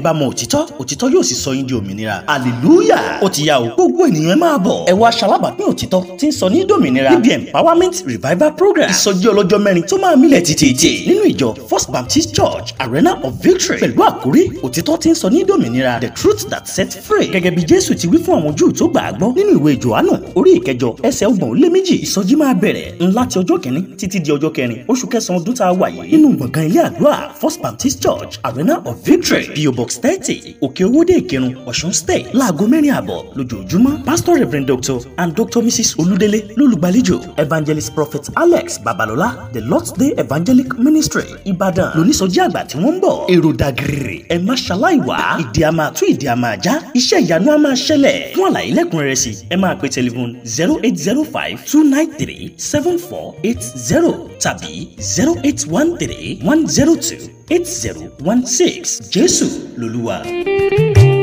ń bá mọ òtítọ́ òtítọ́ yóò sì sọ yín di òmìnira hallelujah ó ti yá o gbogbo ènìyàn ẹ máa bọ̀ ẹ wá aṣalábàápín òtítọ́ tí ń sọ ní dòmìnira bíi empowerment revival program ìsọjí ọlọ́jọ́ mẹ́rin tó máa mílẹ̀ tìtìtì nínú ìjọ first baptist church arena of victory pẹ̀lú àkórí òtítọ́ tí ń sọ ní dòmìnira the truth that set free gẹ́gẹ́ bí jésù ti wí fún àwọn júù tó gbà á gbọ́ nínú ìwé johannu orí ìkẹjọ ẹsẹ̀ ọgbọ̀n ó lé méjì ìsọjí máa bẹ̀rẹ̀ ńlá ti ọjọ́ kìíní títí di ọjọ́ kẹrin oṣù kẹsàn-án ọdún tá a wà yìí nínú gbọ̀ngàn ilé àdúrà first baptist church arena of victory bí o bọ̀ box thirty òkè owódé ìkírun ọ̀ṣun state láago mẹ́rin àbọ̀ lójoojúmọ́ pastor reverend doctor and doctor mrs olúdélé lólùgbàlejò evangelist prophet alex babalọlá the lord's day evangelic ministry ìbàdàn lónísọjí àgbà tí wọ́n ń bọ̀ èrò dàgìrì ẹ má ṣaláì wá ìdí a máa tú ìdí a máa já iṣẹ́ ìyanu a máa ṣẹlẹ̀ fún àlàyé lẹ́kùnrẹ́rẹ́ sí ẹ máa pe telephone zero eight zero five two nine three seven four eight zero tàbí zero eight one three one zero two eight zero one six jésù lolúwa.